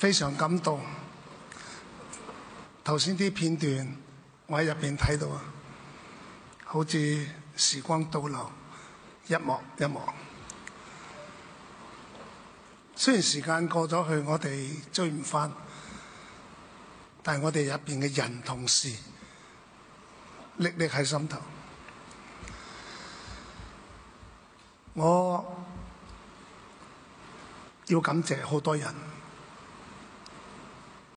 非常感動，頭先啲片段我喺入面睇到，好似時光倒流，一幕一幕。雖然時間過咗去，我哋追唔返，但我哋入面嘅人同事，歷歷喺心頭。我要感謝好多人。